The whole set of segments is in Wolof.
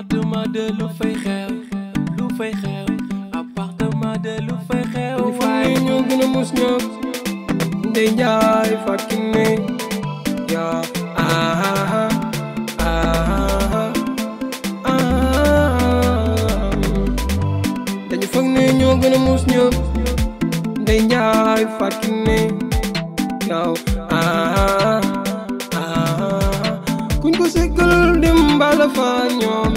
appartement de lu fay xew lu fay xew appartement de lu fay xew waaye ñoo ah ah mus ñëpp ndey njaay fakki ah. Ah ah aha dañu foog ne ñoo mus fakki ah ah ah kuñ ko ah. fa ñoo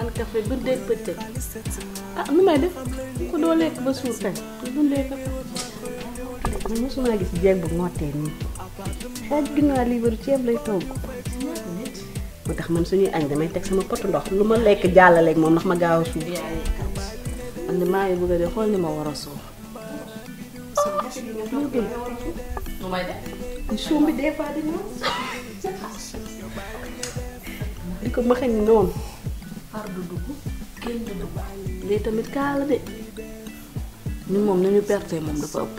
naan café guddeeg bëccëg ah nu may def ko doo lekk ba suur tey dundee café man mosuma gis jeeg bu ngootee nii xaaj ginnaaw lii baru ceeb lay togg moo tax man suñuy añ damay teg sama pot ndox lu ma lekk jàllaleeg moom ndax ma gaaw a a de xool ni ma war a suur suum bi des fois di ko ma xañ noonu lii tamit kaa de ñun moom nañu perte moom dafa ëpp.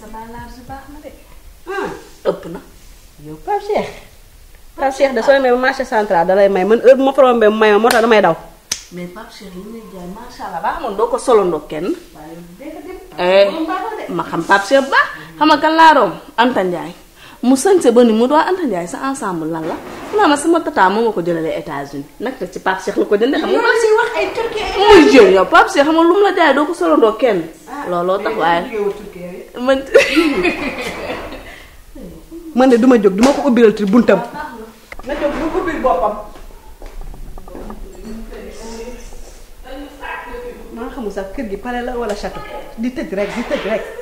sa baax na de. Hmm, ëpp na. yow Pape Cheikh. da soo demee ah. marché central da lay may man heure bu ma farombee mu may moo tax damay daw. mais Pape Cheikh li muy doo ko solandoo kenn. Eh, ma xam Pape Cheikh xam nga kan laa mu sañse ba ni mu doo Anta Ndiaye sa ensemble lan la xanaa ma sama tata moo ma ko jëlalee États-Unis nag la ci Pape Cheikh ko jëndee. xam nga Pape Cheikh wax ay turquie muy jël yow Pape Cheikh mu la jaay ko solandoo kenn. Ah, looloo tax waaye man. man de duma jóg duma ko ubbiral ci buntam. Ah, bu ubbil boppam. maa xamul sax kër gi pare la wala château di rek.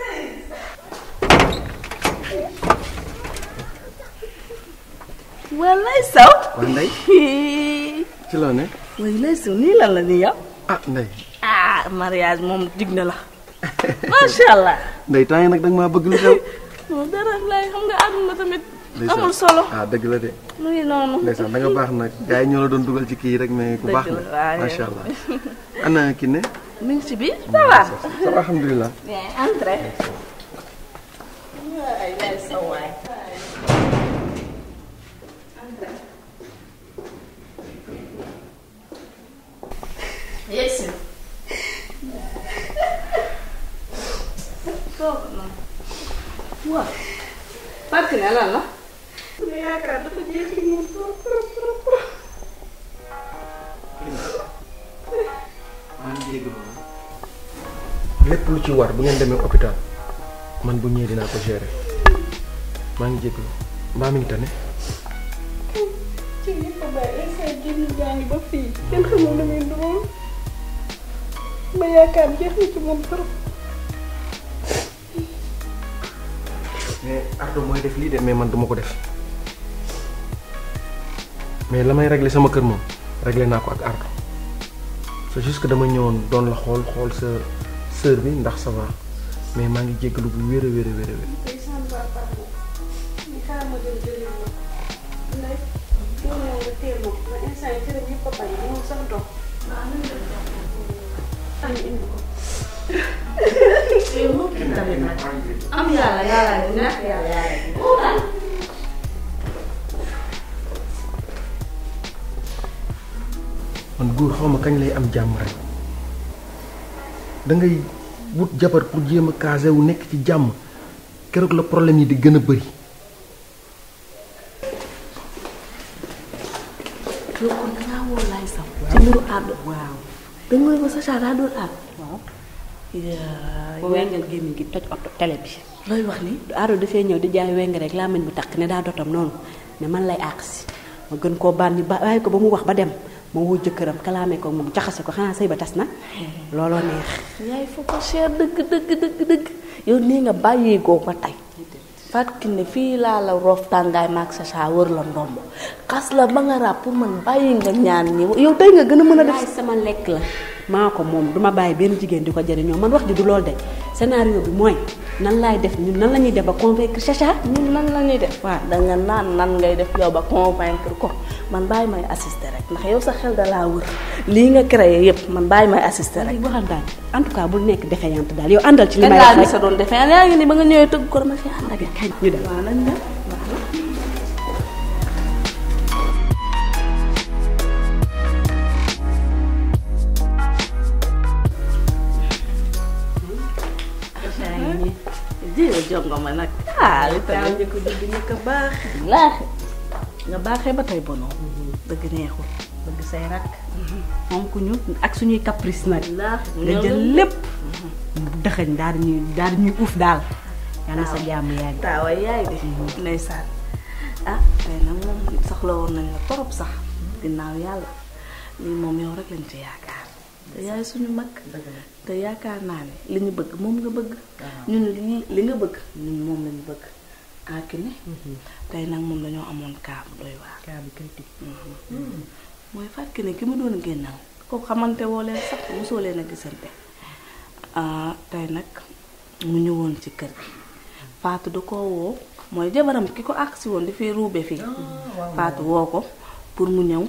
wallaay saw waa nday ci loo ne way lay saw nii la nii ah nday ah mariage moom dig na la masha allah nday tanya yi nag danga maa bëgg lu lah, non oh, dara lay xam nga àdduna tamit amul solo ah dëgg la de mu ngi noonu ndeysaan da nga baax nag gars yi ñoo la rek ya. mais ku baax na allah anak kini, Ming mi ngi sama, biir ça ya, antre, ça ya, va Yes. kooku moom. waaw. fàtte ne lan la. nga yaakaar dafa jeex ci moom trop trop trop trop. maa ngi déglu lépp lu ci war bu ngeen demee hôpital man bu ñëwee dinaa ko gérer maa ngi jéglu mbaa mi ngi tane. ci li ko bàyyi ay xeet génn jàngi ba fii kenn xamul lu muy doon. kebanyakan dia Ini cuma ter ardo moy def li de me man dama ko def mais lamay régler sama kër mo régler nako ak ardo so juste que dama ñëwoon don la xol xol sa sœur bi ndax sa va me ma ngi jéggalu bu wéré wéré wéré wéré Thank you. Gitu. Ya, ya, ya. man góor xaw kañ lay am jàmm rek da ngay wut jabar pour jéem a casé wu nekk ci jàmm keroog la problème yi di gën a bëri. yow kon woo laay sax. ci àdd waaw danga koy mos a saara doon aar. waaw. weng ak gémmiñ gi toj oto télé bi. looy wax ni aaro dafee ñëw di jaay weng rek làmmiñ bu takk ne daa dotam noonu ne man lay àq si ma gën koo bànni ba bàyyi eh, ko ba mu wax ba dem ma woo jëkkëram kalaame ko mu jaxase ko xanaa sëy ba tas na eh. looloo neex. yaay fa ko cher dëgg dëgg dëgg dëgg yow nii nga bàyyeegoo ba tey. Fatou Kiné fii laa la roof tàngaay sa saa wër la ndomb xas la ba nga ràpp pour man bàyyi nga ñaan ñi yow tey nga gën a mën a def sama lekk la maa ko moom duma bàyyi benn jigéen di ko jëriñoo man wax ji du lool de scénario bi mooy nan laay def ñun nan la ñuy def ba convaincre Chacha. ñun nan la ñuy def. waaw da nga naan nan ngay def yow ba convaincre ko man bàyyi may assister rek ndax yow sa xel da laa wër lii nga créé yëpp man bàyyi may assister rek. waxal daal en tout cas bul nekk défaillante daal yow àndal ci li may wax rek. kan laa doon défaillante yaa ngi ni ba nga ñëwee tëgg ko ma fi ànd ak ñu dem waaw nañ dem. la nag. ah li tamit ñu ko baax. laaxi nga baaxee ba tey bonoo. dëgg neexul bëgg say rakk. moom ku ñu ak suñuy caprice nag. laaxi nga jël lépp. dëxëñ daal di ñuy daal di ñuy uuf daal. yàlla sa jàmm yaay bi taawa yaay bi. Mhm. ndeysaan ah tey nag moom soxla woon nañ la trop sax. ginnaaw yàlla lii moom yow rek lañ ci yaakaar. te yaay suñu mag te yaakaar naa ne li ñu bëgg moom nga bëgg ah. ñun li nga bëgg ñun moom lañu bëgg Akine mhm. tey nag moom dañoo amoon cas bu doy waar cas bu critique mhm. mhm. ne ki mu doon génnal ko xamante woo leen sax mosoo leen a gisante ah, tey nag mu ñëwoon ci kër gi Fatou da ko woo mooy jabaram ki ko àgg woon dafay ruube fii ah, Fatou woo ko pour mu ñëw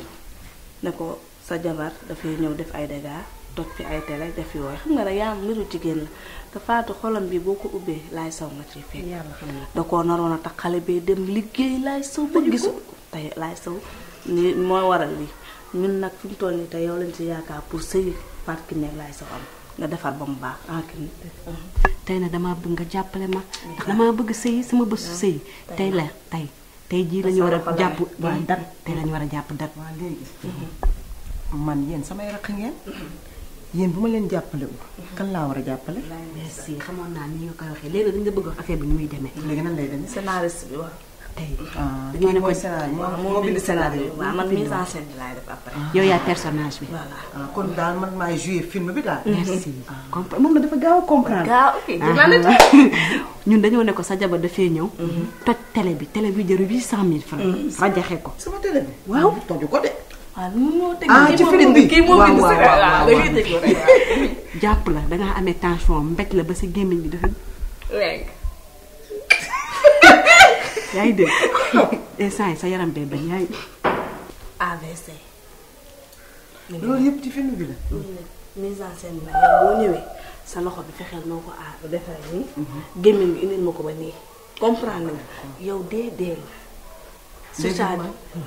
ne ko sa jabar dafay ñëw def ay dégâts toj fi ay télé def fi wooy xam nga rek yaa mbiru jigéen la te faatu xolam bi boo ko ubbee laay saw nga ciy fekk. da koo naroon a tax xale bee dem liggéey laay saw ba gisu tey laay saw ni mooy waral lii nag fi mu toll te yow lañ ci yaakaar pour sëyi parking nekk laay saw am nga defar ba mu baax enkin ah, tey na damaa bëgg nga jàppale ma ndax damaa bëgg sëyi sama bésu ah, sëyi tey la tey tey jii lañu war a jàpp dat tey war a jàpp dat man yéen samay raq ngeen. yéen bu ma leen jàppale wu. kan laa war a jàppale. merci xamoon naa ni ñu koy waxee léegi bi ni muy demee. léegi nan lay demee. scénariste bi waaw. tey ah, ah, dañoo ne ko moo bind scénario ah. bi. voilà kon daal man maay joué film bi daal. merci compre moom dafa gaaw a comprendre. gaaw ñun dañoo ne ko sa jabar dafee ñëw. Mm-hmm. toj télé bi télé bi jëru 800000 francs. Mm-hmm. rajaxe ko sama télé bi. waaw toju ko ah, ah jàpp la da ngaa amee tension mbéj la ba sa gémmiñ bi dafa. rek. yaa ngi dégg sa yaram day bañ yaa ngi. loolu yëpp ci film bi la. mise en scène boo ñëwee sa loxo bi fexeel noo ko aar ah, defee nii. Mhm. gémmiñ bi ma ko ba nii comprendre nga mhm. yow dee dee la. c'est ça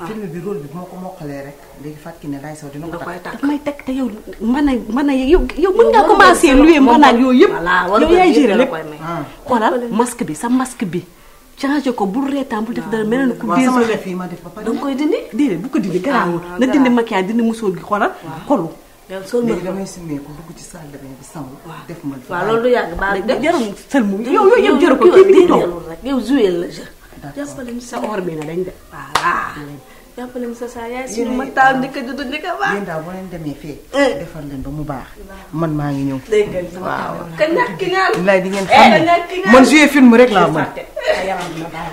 ah. film bi rôle bi moo ko mokkalee rek léegi fàttali ne laay saw dina ko takk may takk te yow mën na mën na yow yow mën ngaa commencé luy mën ak yooyu yëpp yow yaay géré lépp ah. xoolal masque bi sa masque bi changé ko bul reetaan bul def dara mel na ku désolé da nga koy dindi déedéet bu ko dindi ah, garaawul na dindi maquillage dindi musóor gi xoolal kolu sol ma damay simmee ko dugg ci salle de bain bi sangu def ma waaw loolu du yàgg baal jarul sëlmu yow yooyu yëpp jaru ko kii mi ngi toog yow joué la jàppale sa or bi na dañ de voilà jàppale sa saa yaay suñu ma taal ndëkk judd ndëkk baax yéen daal bu leen demee fee defar leen ba mu baax man maa ngi ñëw waaw ka ñàkk ñaan lay di ngeen xam man jouer film rek laa man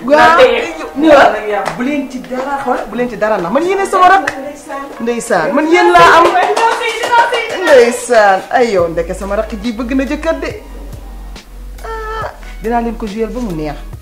waaw bu leen ci dara xool bu leen ci dara na man yéen sama rak ndeysaan man yéen laa am ndeysaan ayo yow ndeke sama rak ji bëgg na jëkkër de ah, dinaa leen ko jouer ba ya? mu neex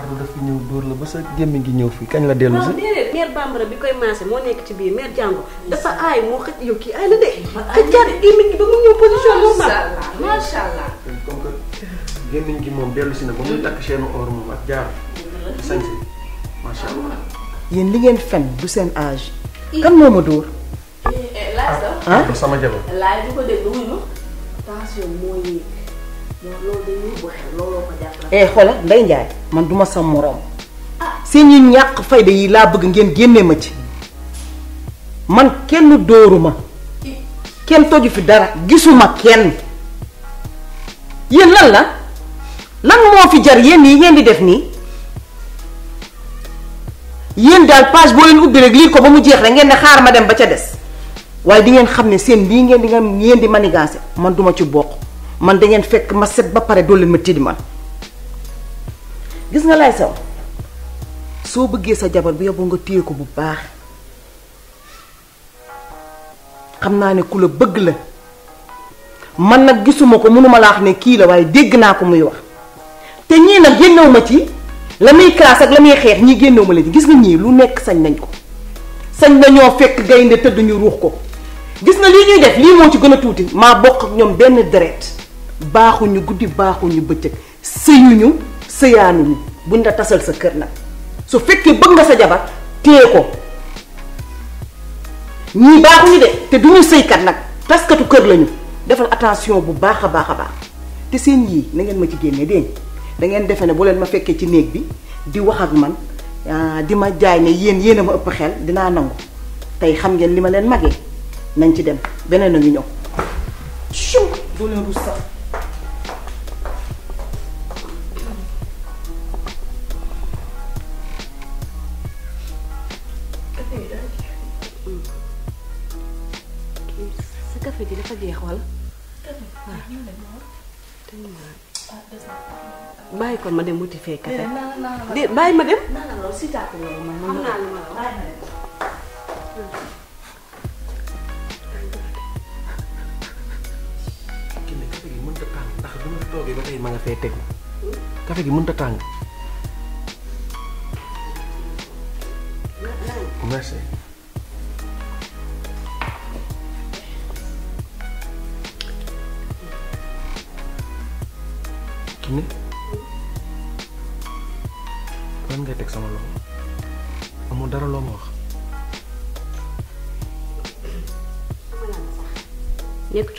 Ardo daf fi ñëw dóor la ba sa gémmiñ gi ñëw fii kañ la dellu si. déedéet mère bi koy maase moo nekk ci biir mère jàngo dafa aay moo xëj yow kii aay la de. xëjaat gémmiñ gi ba mu moom dellu si na ba muy takk chaîne or moom ak jaar sañ si macha allah. yéen li ngeen fen du seen âge. kan moo ma dóor. Eh, ah? ah sama jabar. eh xoola Ndeye Ndiaye man duma sa morom seen yi ñàkk fayda yi laa bëgg ngeen génnee ma ci man kenn dóoru ma kenn toju fi dara gisuma kenn yenn lan la lan moo fi jar yéen yi ngeen di def nii yéen daal page boo leen ubbi rek lire ko ba mu jeex la ngeen ne xaar ma dem ba ca des waaye di ngeen xam ne seen bii ngeen di ngeen di man duma ci boq man da ngeen fekk ma set ba pare doo leen ma tilimal gis nga laay saw soo bëggee sa jabar bi yóbbu nga téye ko bu baax xam naa ne ku la bëgg la man nag gisuma ko mënuma laa xam ne kii la waaye dégg naa ko muy wax te ñii nag génnew ma ci la muy classe ak la muy xeex ñii génnew ma leen gis nga ñii lu nekk sañ nañ ko sañ nañoo fekk gaynde tëdd ñu ruux ko gis na lii ñuy def lii moo ci gën a tuuti maa bokk ak ñoom benn deret baaxuñu guddi baaxuñu bëccëg sëyuñu sëyaanuñu buñ la tasal sa kër nag su fekkee bëgg nga sa jabar téye ko ñii baaxuñu de te duñu sëykat nag taskatu kër lañu defal attention bu baax a baax a baax te seen yii na ngeen ma ci génnee dégg da ngeen defe ne bu leen ma fekkee ci néeg bi di wax ak man ah, di ma jaay ne yéen yéen a ma ëpp xel dinaa nangu tey xam ngeen li ma leen magee nañ ci dem beneen a ngi ñëw. jadi apa dia jeex wala. bàyyi kon ma dem wuti fee café. de bàyyi ma dem. xam naa lo, ma la wax. toogee ba tey ma nga fee tegu gi merci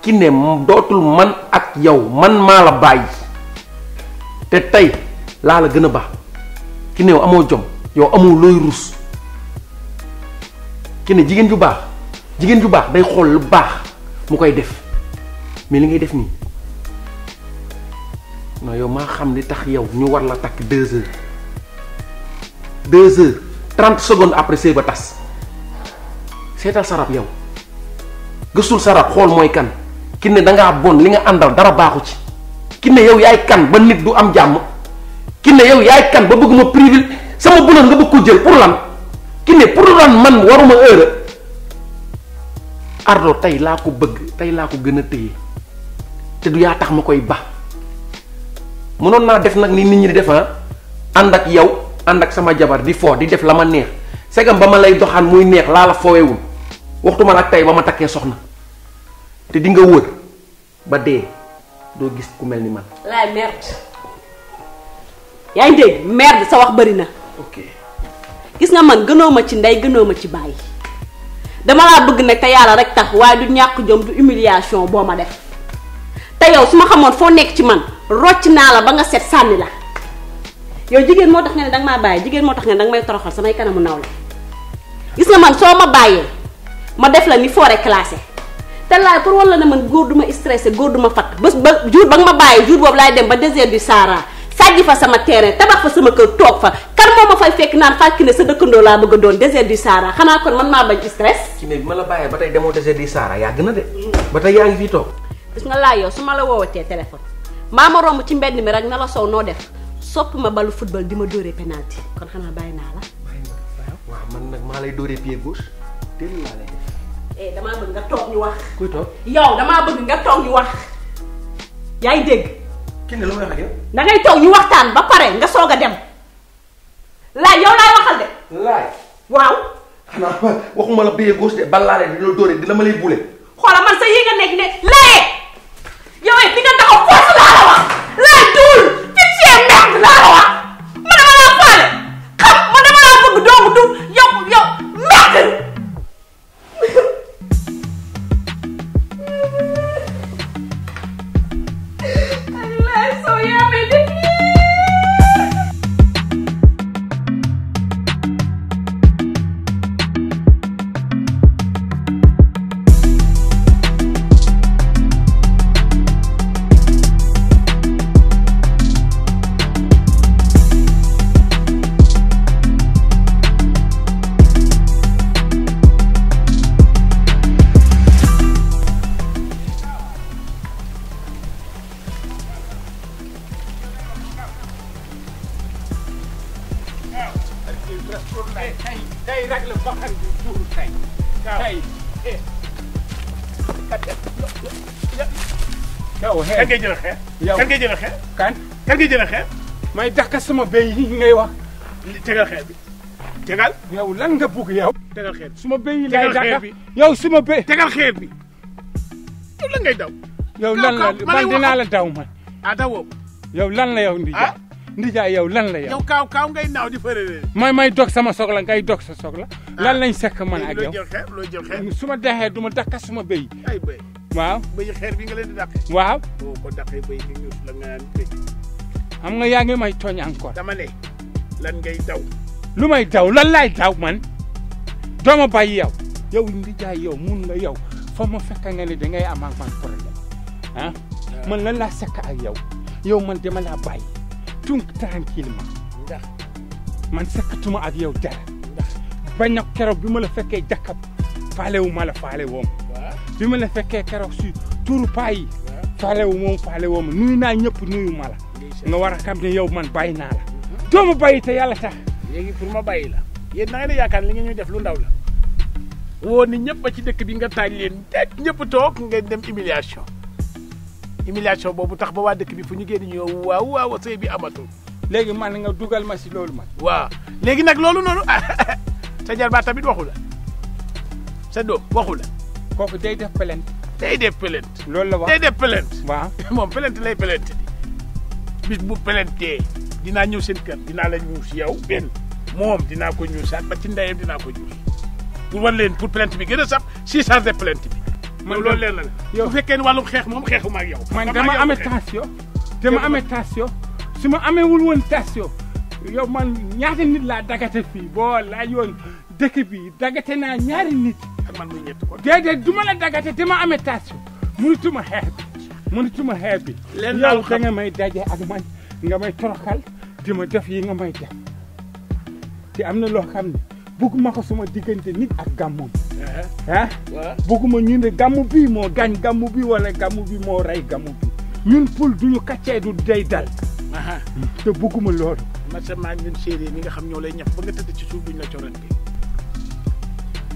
ki ne dootul man ak yow man maa la bàyyi te tey laa la gën a baax ki ne yow amoo jom yow amoo looy rus ki ne jigéen ju baax jigéen ju baax day xool lu baax mu koy def mais li ngay def nii non yow maa xam ni tax yow ñu war la takk deux heures deux heures trente secondes après sëy ba tas seetal sarab yow gëstul sarab xool mooy kan ki ne da nga bon li nga andal dara baxu ci ki ne yow yaay kan ba nit du am jamm ki ne yow yaay kan ba bëgg privil sama bulan nga bëgg ko jël pour lan ki ne pour lan man waruma heure ardo tay la ko bëgg tay la ko gëna a te du ya tax ma koy ba mënon na def nak ni nit ñi di def ah, ak yow sama jabar di fo di def laman nih, neex segam ba lay doxaan muy neex la la foowewul waxtuma la ak ba ma soxna té di nga wër ba dé do gis ku melni ni man. la merde yaay ngi dégg merde sa wax bari na. ok gis nga man gëno ma ci nday gëno ma ci bay dama la bëgg nak té yalla rek tax way du ñak jom du humiliation bo ma def té yow suma xamone fo nekk ci man rocc na la ba nga set sanni la yow jigen mo tax nga ne dang ma bay jigen mo tax nga dang may toroxal samay kanamu nawla gis nga man so ma bayé ma def la ni foré classé te laay pour wala ne man góor du ma stressé góor du ma fatt ba ba jour ba nga ma bàyyi jour boobu laay dem ba désert du Sahara sàjji fa sama terrain tabax fa sama kër toog fa kan moo ma fay fekk naan ne sa dëkkandoo laa doon désert du Sahara xanaa kon man maa bañ stress. ci ne la bàyyee demoo désert du Sahara yàgg na ba tey yaa ngi fii toog. laa yow su ma la woowatee téléphone maa ma romb ci mbedd mi rek na la sow noo def sopp ma balu football di ma dóoree penalty kon xanaa bàyyi naa la. bàyyi naa la waaw man maa lay dóoree pied eh damaa bëgg nga toog ñu wax. kuy toog yow damaa bëgg nga toog ñu wax. yaa ngi dégg. ki nga lu may wax ak yow. toog ñu waxtaan ba pare nga soog a dem. laaj yow laay waxal de. laaj. waaw. xanaa waxuma la béyee gauche de balaa di la dóore ma lay bule. xoolal man sa yi nga nekk ne lee. yow eh, it nga taxaw foofu laa. yow xeer kan ngay jël xeer. yow kan ngay jël xeer. kan kan ngay jël xeer. may dàqa sama béy yi ngay wax. tegal xeer bi tegal. yow lan nga bugg yow. tegal xeer bi suma béy yi lay dàqa yow suma béy. tegal xeer bi yow lan ngay daw. yow lan la man dinaa la daw man. ah dawoo. yow lan la yow ndi ah. ndijaay yow lan la yow. yow kaaw kaaw ngay naaw di fëree may may dog sama soxla ngay dog sa soxla. Ah. lan lañ sekk man ak yow loo jël xeer su ma dexee du ma dakka su ma ay béy waaw béy bi nga leen di dakk. waaw boo ko la nga béy. yaa ngi may tooñ encore. dama ne ngay daw. lu may daw lan laay daw man doo ma bàyyi yow yow ndijaay yow mun la yow fa ma fekk nga ne dangay am ak man problème ah, ah. man lan sekk ak yow yow man dama laa bàyyi. tun tranquillement ndax man sakkatuma ak yow dara bañ na keroog bi ma la fekkee jakkab faalewu ma la faale bi ma la fekkee keroog si tuuru paa yi faalewu moom faale wooma nuyu naa ñëpp nuyu ma la nga war a xam ne yow man bàyyi naa la doo ma bàyyi te yàlla tax léegi pour ma bàyyi la yéen na ngeen di yaakaar li nga ñuy def lu ndaw la woo ni ñëpp a ci dëkk bi nga taaj leen déet ñëpp toog ngeen dem humiliation humiliation boobu tax ba waa dëkk bi fu ñu génn ñëw waaw waaw sëy bi amatul. léegi man nga dugal ma si loolu man. waaw léegi nag loolu noonu ah, sa jarbaat tamit waxu la sa doom waxu kooku day def plainte. day def plainte. loolu la wax day def plainte. waaw moom plainte lay plainte di bis bu plaintee dinaa ñëw seen kër dinaa la ñuus yow benn moom dinaa ko ñuusaat ba ci ndeyam dinaa ko ñuus pour war leen pour plainte bi gën a sax si charge plainte bi. man loolu leer na la yow bu fekkee ne wàllum xeex moom xeexu ma ak yow. man dama amee tension dama amee tension su ma amee wul woon yow man ñaata nit laa dagate fii boo laajoon dëkk bi dagate naa ñaari nit. Ah, man muy ñett kon ma la dagate dama amee tension mënutuma xeex bi mënutuma xeex bi. leen yow da may daje ak man nga may toroxal di ma def yi nga may def te am na loo xam ne bëgguma ko suma diggante nit ak gàmmoom. Dạ. bugguma ñu ne gàmmu bii moo gaañ gàmmu bi wala gàmmu bi moo rey gàmmu bi ñun pul duñu kaccee du day dal te bugguma loolu masamaa ñun séeréer ñi nga xam ñoo lay ñaf ba nga tëdd ci suuf duñ la coron bi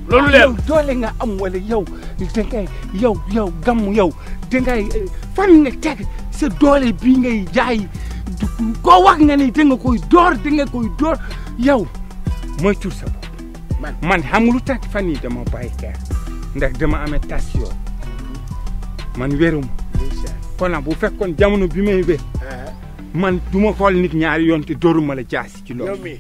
loolu leer doole nga am wala yow dangay yow yow gàmmu yow dangay eh, fan nga teg sa doole bii ngay jaay koo wax nga ne danga koy door danga koy door yow mooy tur sa bopp man xam lu fan yii dama bàyyi xeer ndax dama amee tas yoo man wéruma kon bu fekkoon jamono bi may wér ah. man du ma xool nit ñaari yoon te dóoruma la jaasi ci loolu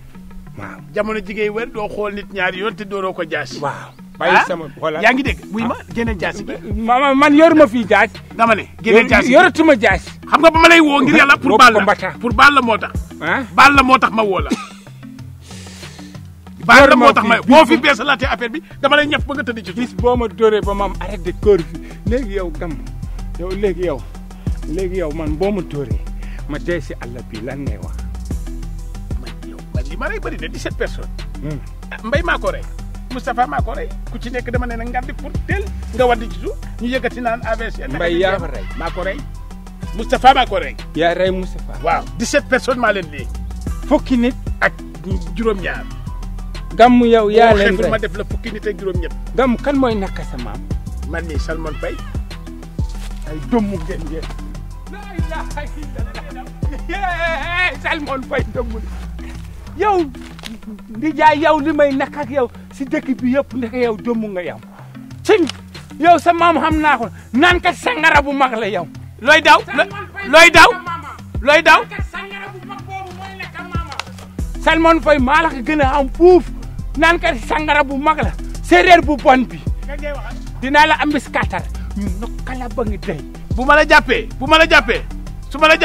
waaw jamono jigéen wér doo xool nit ñaari yoon te dóoroo ko jaasi waaw bàyyi ah? sama xoolal yaa ngi dégg buy ah. ma génne jaasi ma man yoruma fii jaasi dama ne génne jaasi yoratuma jaasi xam nga ba ma lay woo ngir yàlla pour baal la moo tax baal la moo tax ma woo la baal la moo tax may boo fi bees laatee affaire bi dama lay ñëpp ba nga tëdd ci bis boo ma dóoree ba ma am arrêté kër léegi yow gam yow léegi yow léegi yow man boo ma dóoree ma dee si àll bi lan ngay wax. man yow ma rey bëri na 17 personnes. Hmm. Ah, mbay maa ko rey Moustapha maa ko rey ku ci nekk dama ne na ngandi pour teel nga waddi ci naan AVC. mbay yaa ko rey maa ko rey Moustapha maa ko rey. yaa rey Moustapha. waaw 17 personnes maa leen léegi. fukki nit ak juróom-ñaar. gàmm yow yaa leen rey ma def la fukki nit ak juróom-ñett. gàmm kan mooy naka sa maam. man ni Salman Faye ay doomu ngeen ngeen. Salman Faye doomu yow di jaay yow li may naka ak si dëkk bi yëpp ndeke yow doomu nga yow. cim yow sa maam xam naa ko naan kat sangara bu mag la yow. looy daw looy daw looy daw. maa la ko gën a am fuuf. Nan kati sangara bu mag la bu bon bi dina la ambis katar ñu nokala ba ngi day bu ma la bu ma la jàppee su ma la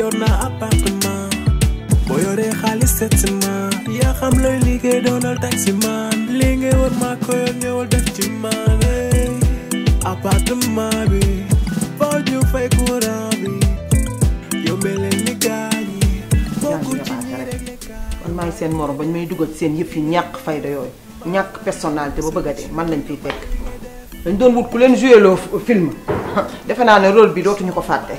yor na appartement boo yoree xaalis seet si ma yaa xam looy liggéey doonal taxi man lii ngay war maa ko yor def ci man appartement bi foo ju fay courant bi yombee leen ni yi man maay seen morom bañ may dugal seen yëpp yi ñàkk fayda yooyu ñàkk personnalité ba bëgg a man lañ fiy fekk dañ doon wut ku leen joué film defe naa ne rôle bi dootuñu ko fàtte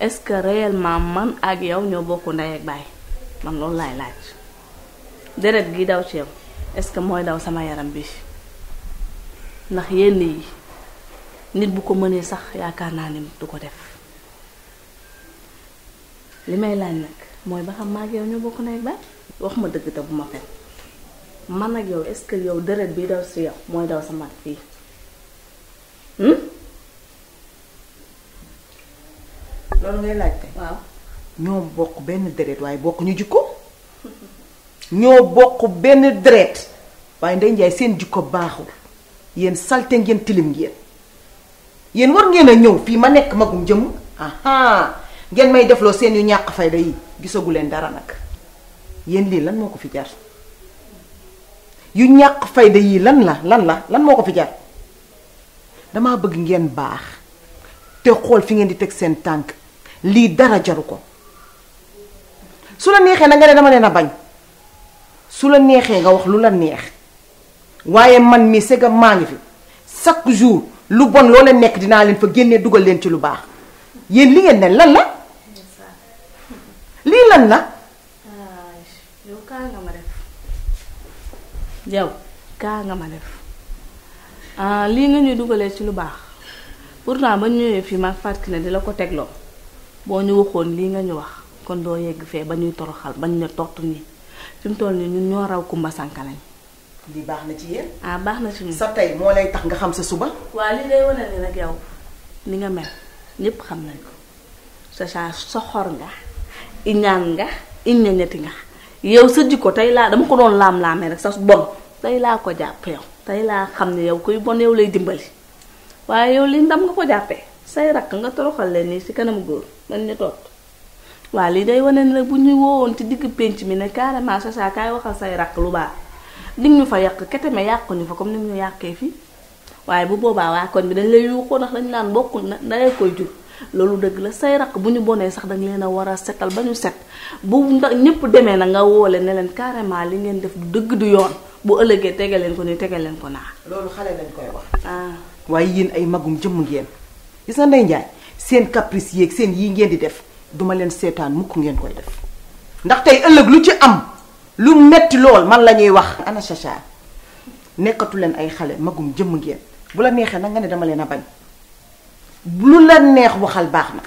est-ce que réellement man ak yow ñoo bokk ndey ak baay man loolu laay laaj deret gi daw ci yow est-ce que mooy daw sama yaram bi ndax yenn yi nit bu ko mënee sax yaakaar naa ni du ko def li may laaj nag mooy ba xam ma ak yow ñoo bokk ndey ak baay wax ma dëgg te bu ma fen man ak yow est-ce que yow deret bi daw si yow mooy daw sama fii hmm? loolu ngay laajte. waaw ñoo bokk benn deret waaye bokk ñu jikko. ñoo bokk benn deret waaye Ndeye njaay seen jukko baaxul yéen salte ngeen tilim ngeen yéen war ngeen a ñëw fii ma nekk magum jëm ngeen may defloo seen yu ñàkk fayda yi gisagu leen dara nag yéen lii lan moo ko fi jar yu ñàkk fayda yi lan la lan la lan moo ko fi jar damaa bëgg ngeen baax te xool fi ngeen di teg seen tànk lii dara jaru ko su la neexee na nga ne dama leen a bañ su la neexee nga wax lu la neex waaye man mii sega maa ngi fi chaque jour lu bon loo leen nekk dinaa leen fa génnee dugal leen ci lu baax yéen li ngeen ne lan la lii lan la yow kaa nga ma kaa nga ma def ah, lii nga ñuy dugalee ci lu baax pourtant ba ñëwee fii ma fàttali ne di la ko tegloo boo ñu waxoon lii nga ñu wax kon doo yegg fee ba ñuy toroxal bañ ne tort nii fi mu toll nii ñun ñoo raw Kumba Sankalane. lii baax na ci yéen. Ah, baax na ci ñun. sa tey moo lay tax nga xam sa suba. waaw li lay wane ni nag yow ni nga mel ñépp xam nañ ko sa sa xor nga iñaan nga iññañati nga yow sa jikko tey laa dama ko doon laam-laamee rek sa bon tey laa ko jàpp yow tey laa xam ne yow kuy bon yow lay dimbali waaye yow li ndam nga ko jàppee say rakk nga toroxal leen nii ci kanamu góor. dañ ñu waaw lii day wane ne bu ñu woowoon ci digg pénc mi ne carrément Chacha kaay waxal say raq lu baax dig ñu fa yàq kete me yàquñu fa comme ni ñu yàqee fii waaye bu boobaa waa koñ bi dañ lay yuuxoo ndax dañ naan bokkul na da ngay koy jur loolu dëgg la say raq bu ñu bonee sax dañ leen a war a setal ba ñu set bu ndax ñëpp demee na nga woole ne leen carrément li ngeen def du dëgg du yoon bu ëllëgee tege leen ko ni tege leen ko naa. loolu xale lañ koy wax. Ah. waaye yéen ay magum jëmm ngeen gis nga Ndeye Ndiaye seen caprice yeeg seen yii ngeen di def duma leen seetaan mukk ngeen koy def ndax tey ëllëg lu ci am lu metti lool man la ñuy wax ana chacha nekkatu leen ay xale magum jëmm ngeen bu la neexee nag nga ne dama leen a bañ lu la neex waxal baax na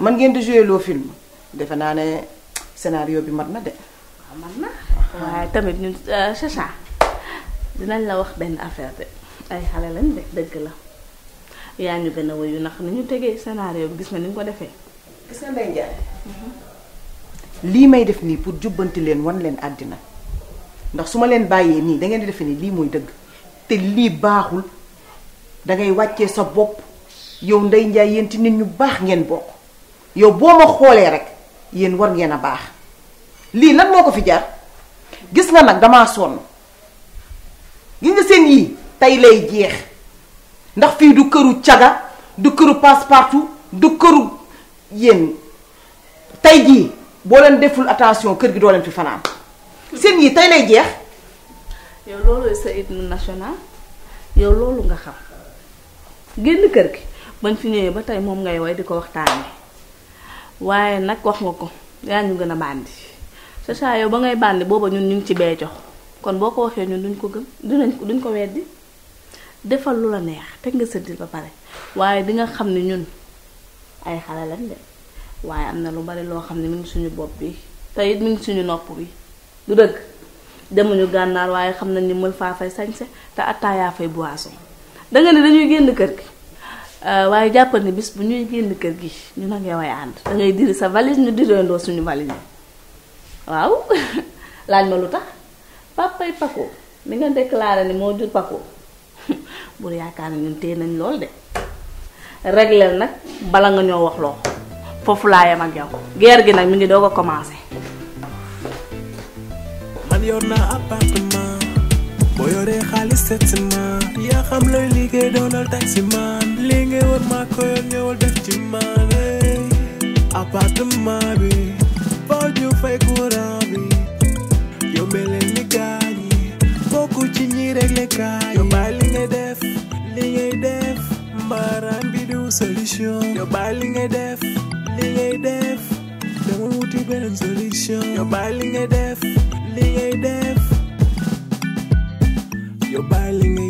man ngeen di joué loo film defe naa ne senario bi mat na de. waaw ah, na waaye tamit ñun euh, chacha dinañ la wax benn affaire de ay xale lañ de dëgg la. yaa ñu gën a wéyu ndax ni ñu tegee scénario bi gis na ni ñu ko defee. gis nga Ndeye Ndiaye. Mhm. lii may def nii pour jubbanti leen wan leen àddina ndax su ma leen bàyyee nii da di defe nii lii mooy dëgg te lii baaxul da ngay wàccee sa yow Ndeye Ndiaye yéen ci nit ñu baax ngeen bokk yow boo xoolee rek yéen war ngeen a baax lii lan moo ko fi jar gis nga nag damaa sonn gis nga seen yii tey lay jeex. ndax fii du këru caga du këru passe partout du këru yéen tey jii boo leen deful attention kër gi doo leen fi fanaan seen yi tey lay jeex yow loolu sa hymne national yow loolu nga xam génn kër gi bañ fi ñëwee ba tey moom ngay way di ko waxtaane waaye nag wax nga ko yaa ñu bandi sa saa yow ba ngay bandi booba ñun ñu ngi ci kon boo ko ñun duñ ko gëm duñ ko defal lu la neex teg nga sa ba pare waaye dinga xam ne ñun ay xale lañ waaye am na lu bari loo xam ne mu ngi suñu bopp bi te it mu ngi suñu nopp bi du dëgg demuñu gànnaar waaye xam nañ ni mël faa fay sañse te attaayaa fay boisson danga ne dañuy génn kër gi euh, waaye jàppal ni bis bu ñuy génn kër gi ñu nag yow ay ànd dangay diri sa valise ñu direndoo suñu valise waaw laaj ma lu tax papay Paco mi nga déclaré ni moo jur Paco bul yaakaar ne ñun téye nañ lool de réglel nak bala nga ñoo wax lo fofu la yam ak yow guerre gi nak mi ngi dogo commencer man yor naa appartement bo yoré xaliss setti ma yaa xam lay liggéey donal taxi man li ngay war ma ko ñewal def ci man appartement bi faaw ñu fay courant bi yo yombeleen ni gañi bokku ci ñi réglé kaay a def li a def mbaaraan bi du solution You're li a def li a def dama wuti beneen solution You're li a def li a def You're li a.